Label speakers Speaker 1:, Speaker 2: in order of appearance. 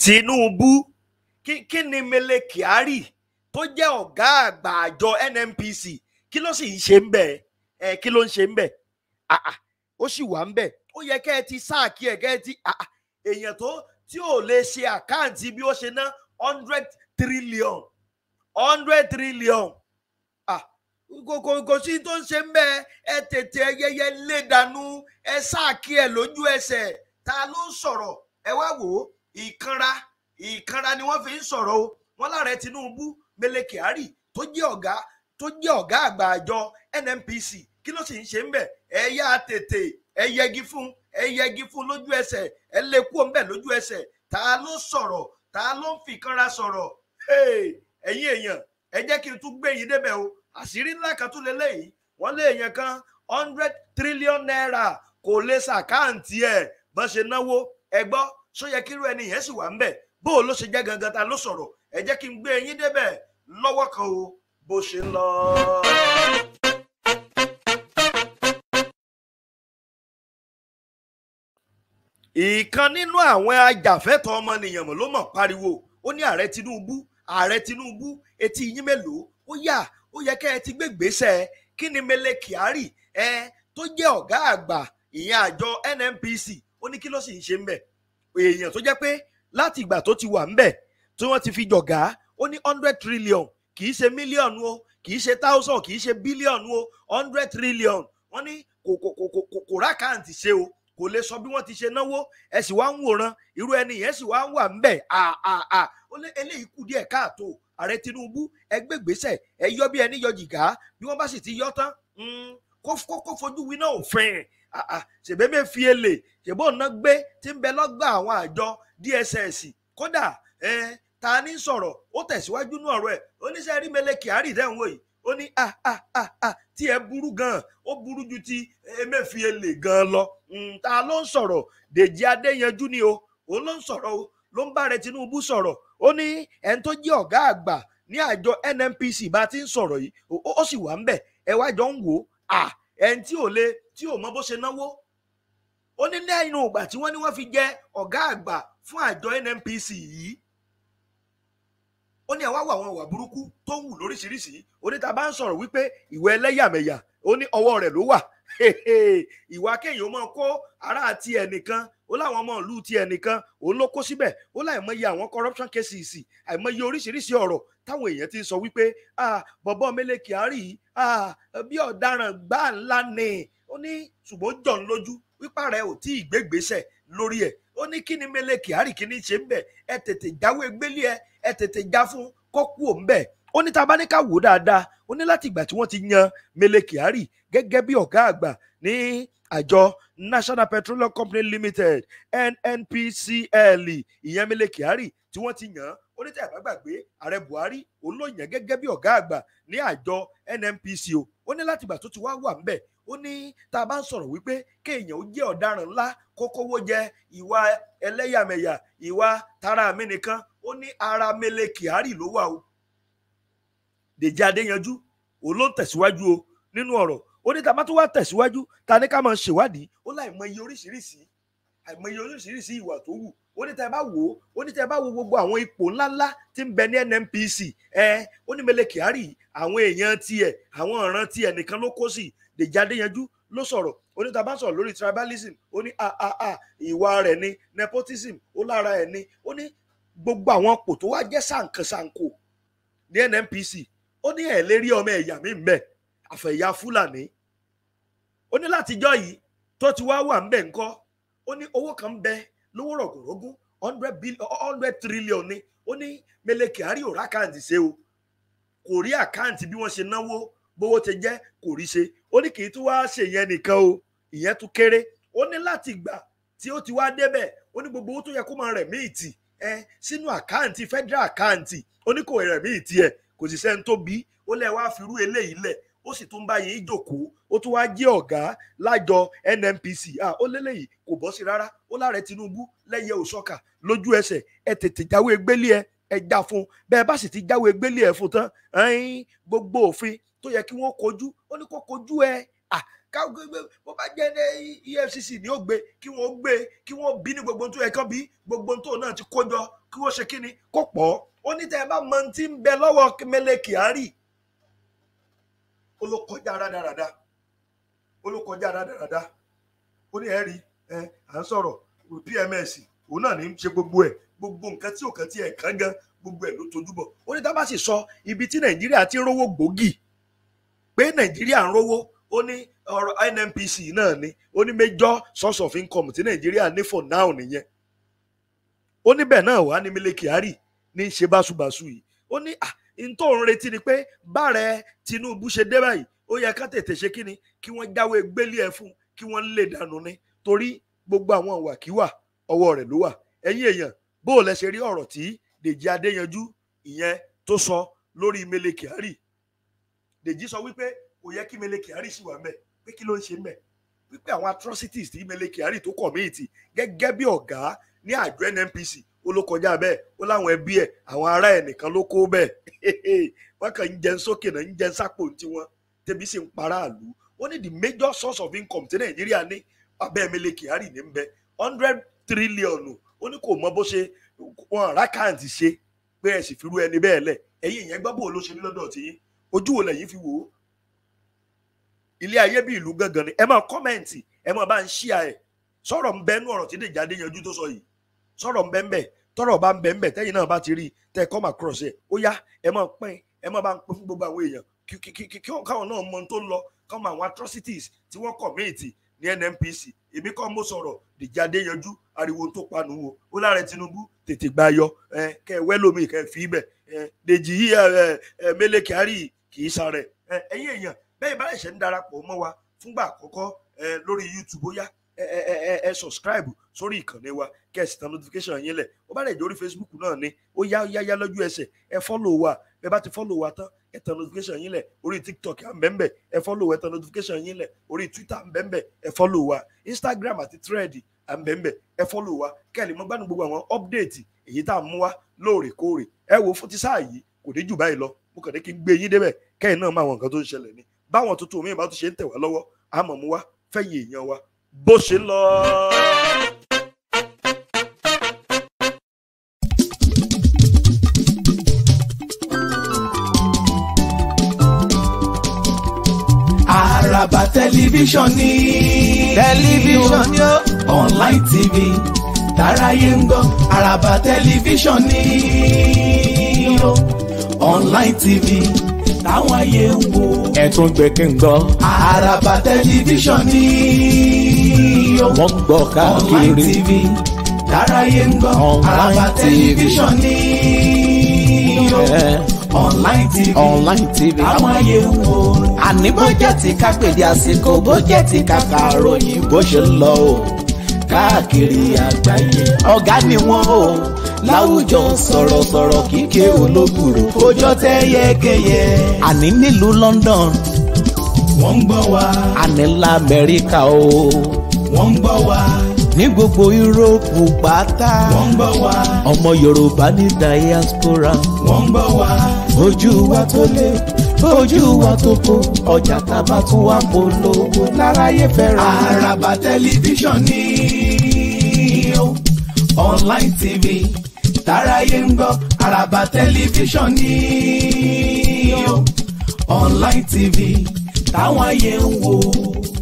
Speaker 1: Tinubu kí kí ni Mele Kyari tó jẹ́ ọ̀gá àgbà àjọ NNPC kí ló sì ń ṣe ń bẹ̀ ẹ̀ kí ló ń ṣe ń bẹ̀ ó sì wà ń bẹ̀ ó yẹ kẹ́ ẹ ti sáàkì ẹ̀ kẹ́ ẹ ti èèyàn tó tí ò lè ṣe àkáǹtì bí ó ṣe ná hundred trillion hundred trillion kò sí tó ń ṣe ń bẹ ẹ tètè ẹyẹyẹ lé dànù ẹ sáàkì ẹ lójú ẹsẹ̀ ta ló sọ̀rọ̀ ẹ wá wò ó ìkanra ìkanra ni wọ́n fi ń sọ̀rọ̀ o wọ́n láàrẹ Tinubu Mele Kyari tó jẹ́ ọ̀gá tó jẹ́ ọ̀gá àgbà àjọ NNPC kí ló sì ń ṣe ń bẹ̀ ẹ yá tètè ẹ yẹgi fún ẹ yẹgi fún lójú ẹsẹ̀ ẹ lè e kú ọ̀nbẹ lójú ẹsẹ̀ ta ló sọ̀rọ̀ ta ló ń fi ìkanra sọ̀rọ̀ ẹ̀yin èèyàn ẹ jẹ́ kí n tún gbé yín débẹ̀ o àṣírí ńlá kan tún lélẹ́yìí wọ́n lé èèyàn kan hundred trillion naira kò lè ṣàkáǹtì ẹ̀ bọ́n ṣe náwó ẹ gbọ́ ṣó yẹ kí irú ẹni yẹn sì wà ń bẹ̀ bó o ló ṣe jẹ́ gangan ta ló sọ̀rọ̀ ẹ jẹ́ kí n gbé yín débẹ̀ lọ́wọ́ kan o bó ṣe ń lọ. ìkan nínú àwọn ajàfẹ́tọ̀ọ́ ọmọnìyàn ló mọ̀ pariwo ó ní ààrẹ Tinubu ààrẹ Tinubu etí yín mélòó ó yà ó yẹ kẹ́ ẹ ti gbé gbèsè kí ni Mele Kyari ẹ tó jẹ́ ọ̀gá àgbà ìyẹn àjọ NNPC ó ní kí ló sì ń ṣe ń bẹ̀ èèyàn tó jẹ́ pé láti ìgbà tó ti wà ńbẹ̀ tí wọ́n ti fi jọ̀gá ó ní hundred trillion kì í ṣe mílíọ̀nù o kì í ṣe thousand kì í ṣe bílíọ̀nù o hundred trillion wọ́n ní kò kò kò kò kò rákàǹtì ṣe o kò lè sọ bí wọ́n ti ṣe náwó ẹ sì wá ń wòran irú ẹni yẹn sì wá ń wà ńbẹ̀ àà ó lé eléyìí kù díẹ̀ káàtó ààrẹ Tinubu ẹgbẹgbèsè ẹ yọ bí ẹni yọ jìgá bí wọ́n bá sì ti yọ tán hmm, kó fojú winá òfin ṣèbẹ́mẹ́fìẹ́lẹ̀ ṣèbọ́n náà gbé tí ń bẹ lọ́gbà àwọn àjọ DSS kódà ta ní sọ̀rọ̀ ó tẹ̀síwájú nú ọ̀rọ̀ ẹ̀ oníṣẹ́ rí mele kyari dẹ́hùn wòye ó ní a a a a tí ẹ burú gan-an ó burú ju ti emefiele gan-an lọ hmm, ta ló ń sọ̀rọ̀ Dèjì Adéyanjú ni o òun ló ń sọ̀rọ̀ o ló ń bá Tinubu sọ̀rọ̀ ó ní ẹni tó jẹ́ ọ̀gá àgbà ní àjọ NNPC bá ti ń sọ̀rọ̀ yìí ó sì wà ń bẹ̀ ẹ wá ń wò ó ẹni tí ò lè tí ò mọ bó ṣe náwó ó ní lẹ́yìn ìgbà tí wọ́n ní wọ́n fi jẹ ọ̀gá àgbà fún àjọ NNPC yìí ó ní àwa wà àwọn ìwà burúkú tó ń wù lóríṣiríṣi ó ní tá a bá ń sọ̀rọ̀ wípé ìwà ẹlẹ́yàmẹ̀yà ó ní ọwọ́ rẹ̀ ló wà ìwà kéèyàn máa kó ara ti ẹnìkan ó láwọn ọmọ ìlú ti ẹnìkan òun ló kó síbẹ̀ ó láìmọye àwọn corruption cases àìmọye oríṣiríṣi ọ̀rọ̀ táwọn èèyàn ti sọ wípé ah, bọ̀bọ̀ Mele Kyari ah, bí ọ̀daràn gbáà ńlá ni ó ní ṣùgbọ́n jọ̀n lójú wípé ààrẹ ò tí ì gbégbèsè lórí ẹ̀ ó ní kí ni mele kyari kí ni ṣe ń bẹ̀ ẹ tètè jáwé gbélé ẹ ẹ tètè já fún kó kú òun bẹ̀ ó ní tá ká wò dáadáa ó ní láti ìgbà tí wọ́n ti yan mele kyari gẹ́gẹ́ bí ọ̀gá àgbà ní àjọ National Petroleum Company Limited NNPCL ìyẹn mele kyari tí wọ́n ti yàn ó ní tẹ̀ bá gbàgbé ààrẹ Buhari òun gẹ́gẹ́ bí ọ̀gá àgbà ní àjọ NNPC o ó ní látìgbà tó ti wá wà ń bẹ̀ ó ní tá a bá ń sọ̀rọ̀ wípé kéèyàn ó jẹ́ ọ̀daràn ńlá kókówó jẹ ìwà ẹlẹ́yàmẹ̀yà ìwà tara mi nìkan ó ní ara mele kyari ló wà o Dèjì Adéyanjú òun ló ń tẹ̀síwájú o nínú ọ̀rọ̀ ó ní tá a wá tẹ̀síwájú ta ní ká máa ṣèwádìí ó láì mọ iye oríṣiríṣi àìmọ oríṣiríṣi ìwà tó wù ó ní tẹ́ ẹ bá wò ó ó ní tẹ́ bá wo gbogbo àwọn ipò ńláńlá tí ń bẹ ní NNPC ẹ ó ní Mele Kyari àwọn èèyàn tiẹ̀ àwọn ọ̀ràn tiẹ̀ nìkan ló kó sí Dèjì yanjú ló sọ̀rọ̀ ó ní tá sọ̀rọ̀ lórí tribalism ó ní àà ah, ah, ah, ìwà rẹ̀ ni nepotism ó lára ẹ̀ ni ó ní gbogbo àwọn pò tó wá jẹ́ sànkànṣànkò ní NNPC ó ní ẹ̀ lérí ọmọ ẹ̀yà mi ń bẹ àfẹ̀yà Fúlàní ó ní látijọ́ yìí tó ti wá wà ń bẹ̀ ńkọ́ ó ní owó kan ń bẹ lówó rọ̀gùnrógún hundred billion hundred trillion ni ó ní Mele Kyari ò rákàǹtì ṣe o kò rí àkáǹtì bí wọ́n ṣe náwó bówó ti jẹ́ kò rí ṣe ó ní kì í tún wáá ṣe ìyẹn nìkan o ìyẹn tún kéré ó ní láti gbà tí ó ti wá débẹ̀ ó ní gbogbo owó tó yẹ kó máa rẹ̀ míì tì ẹ sínú àkáǹtì federal àkáǹtì ó ní kò rẹ̀ míì tì ẹ kò sì sẹ́ni tó bí ó lẹ̀ wá firú eléyìí lẹ̀ ó sì tún bá yín jókòó ó tún wá jẹ́ ọ̀gá lájọ NNPC ah ó lélẹ́yìí kò bọ́ sí rárá ó láàrẹ Tinubu lẹ́yẹ òṣọ́kà lójú ẹsẹ̀ ẹ tètè jáwé gbélé ẹ ẹ já fún bẹ́ẹ̀ bá sì ti jáwé gbélé ẹ fún tán gbogbo òfin tó yẹ kí wọ́n kojú ó ní kó kojú ẹ ah káwọn bó bá jẹ ní EFCC ni ó gbé kí wọ́n gbé kí wọ́n bí ní gbogbo tó yẹ kán bí gbogbo tó náà ti kó jọ kí wọ́n ṣe kí kó pọ̀ ó ní tẹ́ ẹ bá mọ ti ń bẹ lọ́wọ́ Mele Kyari ó ló kọjá rádaràda ó ló kọjá rádaràda ó ní ẹ̀rí ẹ à ń sọ̀rọ̀ pms òun náà ní í ṣe gbogbo ẹ̀ gbogbo nǹkan tí òkan tí ẹ̀ kán gan gbogbo ẹ̀ ló tojú bọ̀ ó ní tábà sì sọ ibi tí nàìjíríà ti rówó gbòógì pé nàìjíríà ń rówó ó ní ọ̀rọ̀ nnpc náà ni ó ní major source of income tí nàìjíríà ní for now nìyẹn ó níbẹ̀ náà wà ní Mílíkì Kyari ní ṣe báṣubàṣu yìí ó ní n tó ń retí ni pé bàrẹ Tinubu ṣe dé báyìí ó yẹ ká tètè ṣe kíni kí wọ́n jáwé gbélé ẹ̀ fún kí wọ́n lè dànù ni torí gbogbo àwọn ìwàkiwà ọwọ́ rẹ̀ ló wà ẹ̀yin èèyàn bó o lẹ ṣe rí ọ̀rọ̀ tí Dèjì Adéyanjú ìyẹn tó sọ lórí Mele Kyari Dèjì sọ wípé kò yẹ kí Mele Kyari sì wà mẹ pé kí ló ń ṣe mẹ wípé àwọn atrocities tí Mele Kyari tó kọ̀ míì tì gẹ́gẹ́ bí ọ̀gá ní àjọ NNPC ó ló kọjá bẹ́ẹ̀ ó láwọn ẹbí ẹ̀ àwọn ará ẹ̀ nìkan ló kó bẹ́ẹ̀ wọ́n kàn ń jẹun sókè náà ń jẹun sápò tiwọn tẹ̀bí sì ń paráàlú ó ní the major source of income tí nàìjíríà ní abẹ́ emele kyari ní bẹ hundred trillion ó ní kò mọ bó ṣe wọn ará kàǹtì ṣe pé ẹ sì fi rú ẹni bẹ́ẹ̀ lẹ̀ ẹ̀yìn ìyẹn gbọ́ bó ló ṣe ní lọ́dọ̀ tí ojú wo lẹ̀yìn fi wò ó ilé ayé bí ìlú gangan ni ẹ máa kọ́mẹ̀ǹtì ẹ máa bá ń ṣíà ẹ̀ sọ̀rọ̀ ń bẹ́nu ọ̀rọ̀ tí dèjà dé yanjú tó sọ yìí sọ̀rọ̀ ńbẹ́ńbẹ́ tọ́rọ̀ bá ńbẹ́ńbẹ́ tẹ́yìn náà bá ti rí tẹ́ come across ẹ̀ ó yá ẹ máa pín ẹ máa bá ń pín fún gbogbo àwọn èèyàn kí káwọn náà mọ tó ń lọ káwọn àwọn atrocities tí wọ́n commit ní NNPC èmi kọ́ mo sọ̀rọ̀ dìjáde yanjú ariwo tó panu wo ó lára Tinubu tètè gba yọ ẹ kẹ ẹ wẹ́lómi kẹ ẹ fi ibẹ̀ ẹ dèjì yí ẹ ẹ mélé kyari kì í sàrẹ̀ ẹ ẹ̀yin èèyàn bẹ́ẹ̀ bá ẹ̀ṣẹ̀ ń darapọ̀ mọ́ wa fúngbà àkọ́kọ́ ẹ lórí YouTube ó yá ẹ ẹ subscribe sórí ìkànnì wa kẹ́sì tán notification yín lẹ̀ ó bá lè jẹ́ orí Facebook náà ni ó yá yá yá lójú ẹsẹ̀ ẹ follow wa ẹ bá ti follow wa tán ẹ tan notification yín lẹ̀ orí TikTok à ń ẹ follow wa ẹ tan notification yín lẹ̀ orí Twitter à ń ẹ follow wa Instagram àti Thread à ń bẹ́ńbẹ́ ẹ follow wa kẹ́lì mọ́ gbádùn gbogbo àwọn update èyí tá à ń mú wa lóòrèkóòrè ẹ wo fún ti sáà yìí kò dé jù báyìí lọ mo kàn ni báwọn tuntun mi bá tún ṣe ń tẹ̀ wá lọ́wọ́ bó ṣe lọ.
Speaker 2: àràbà tẹlifíṣàn ni tẹlifíṣàn ni ó online tv tàráyé ń gbọ́ àràbà tẹlifíṣàn ni ó online tv táwọn ayé ń wo. ẹ tún gbé kí n gbọ́. àràbà tẹlifíṣàn ni yóò. wọ́n gbọ́ káàkiri. online tv lárayé ń gbọ́. àràbà tẹlifíṣàn ni yóò. online tv online tv táwọn ayé ń wo. àní bó jẹ́ ti ká pèdé àsìkò bó jẹ́ ti ká kàròyìn bó ṣe lọ o káàkiri àgbáyé ọ̀gá ni wọ́n o láwùjọ sọ̀rọ̀sọ̀rọ̀ kíkẹ́ olóbùrò ojọ́ tẹ́ yẹ́kẹ́yẹ́. àní nílùú London. wọ́n ń gbọ́ wa. àní la Amẹ́ríkà o. wọ́n ń gbọ́ wa ní gbogbo yúróòpù pátá. wọ́n ń bọ̀ wá. ọmọ yorùbá ní diaspora. wọ́n ń bọ̀ wá. ojú wa tó lé tójú wa tó kó ọjà tá tún wá polówó láráyé fẹ́ràn. àràbà tẹlifíṣàn ni ó online tv táráyé ń gbọ́ àràbà tẹlifíṣàn ni
Speaker 1: ó online tv táwọn ayé ń wò ó